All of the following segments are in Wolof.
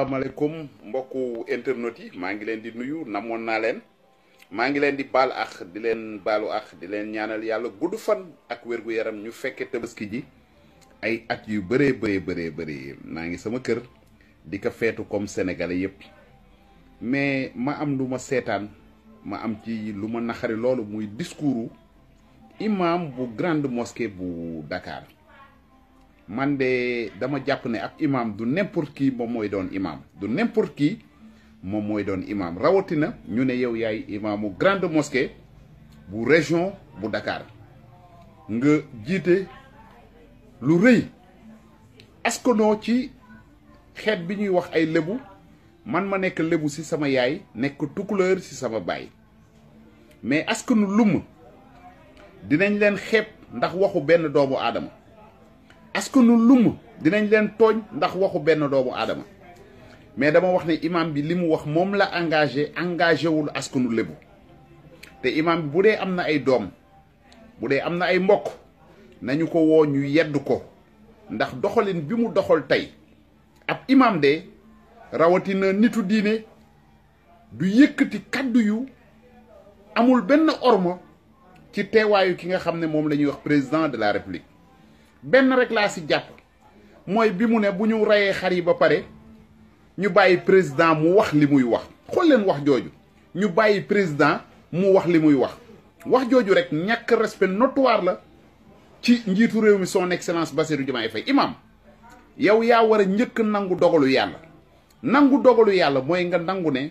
asalaamaaleykum mbokku internet yi maa ngi leen di nuyu namoon naa leen maa ngi leen di baal ax di leen baalu ax di leen ñaanal yàlla gudd fan ak wérgu yaram ñu fekkee tabaski ji ay at yu bëree bëree bëree bëri maa ngi sama kër di ko feetu comme sénégalais yépp mais ma am lu ma seetaan ma am ci lu ma naxari loolu muy discours imam bu grande mosquée bu Dakar man de dama jàpp ne ak imam du n'importe qui moom mooy doon imam du n'importe qui moom mooy doon imam rawatina ñu ne yow yaay imaamu grande mosquée bu région bu Dakar nga jiite lu rëy askanoo ci xeet bi ñuy wax ay lébu man ma nekk lébu ci sama yaay nekk tukulóor ci sama baay mais askanu lum dinañ leen xeeb ndax waxu benn doomu aadama askanu lumm dinañ leen tooñ ndax waxu benn doomu aadama mais dama wax ne imam bi li mu wax moom la engagé engagé wul askanu lébu te imam bi bu dee am na ay doom bu dee am na ay mbokk nañu ko woo ñu yedd ko ndax doxalin bi mu doxal tey ab imam de rawatina nitu diine du yëkkati kàddu yu amul benn orma ci teewaayu ki nga xam ne moom la ñuy wax président de la république benn rek laa si jàpp mooy bi mu ne bu ñu reyee xar yi ba pare ñu bàyyi président mu wax li muy wax xool leen wax jooju ñu bàyyi président mu wax li muy wax wax jooju rek ñàkk respect notoire la ci njiitu réew mi son excellence Bassirou Diomaye Faye imam yow yaa war a njëkk nangu dogalu yàlla nangu dogalu yàlla mooy nga nangu ne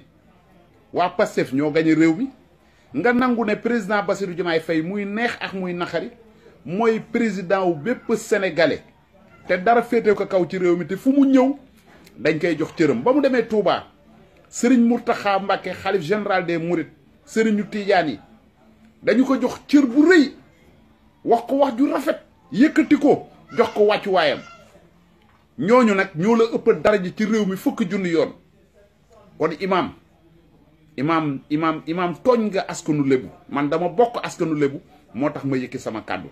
waa Pastef ñoo gañe réew mi nga nangu ne président Bassirou Diomaye fay muy neex ak muy naqari mooy président wu bépp sénégalais te dara féete ko kaw ci réew mi te fu mu ñëw dañ koy jox cëram ba mu demee Touba Serigne Mountakha Mbacké xalif général des murit sëriñu Tidiane yi dañu ko jox cër bu rëy wax ko wax ju rafet yëkkati ko jox ko wàccuwaayam ñooñu nag ñoo la ëpp dara ji ci réew mi fukk junni yoon kon imaam imaam imaam imaam tooñ nga askanu lébu man dama bokk askanu lébu moo tax ma yëkki sama kàddu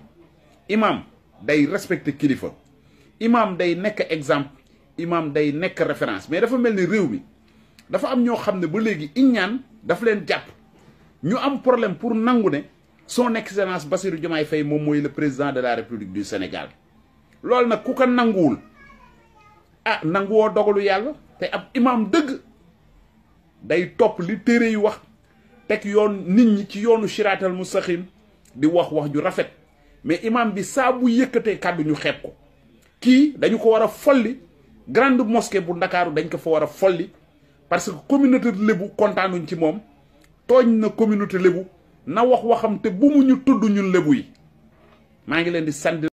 imaam day respecté kilifa imaam day nekk exemple imaam day nekk référence mais dafa mel ni réew mi dafa am ñoo xam ne ba léegi ñaan dafa leen jàpp ñu am problème pour nangu ne soo son excellence Bassirou Diomaye fay moom mooy le président de la république du Sénégal loolu nag ku ko nanguwul ah nanguwoo dogalu yàlla te ab imaam dëgg day topp li téere yu wax teg yoon nit ñi ci yoonu mu mustaqim di wax wax ju rafet mais imam bi saabu yëkkatee kàddu ñu xeeb ko kii dañu ko war a folli grande mosquée bu ndakaaru dañ ko fa war a folli parce que communauté lébu kontaanuñ ci moom tooñ na communauté lébu na wax waxam te bu mu ñu tudd ñun lébu yi maa ngi leen di sant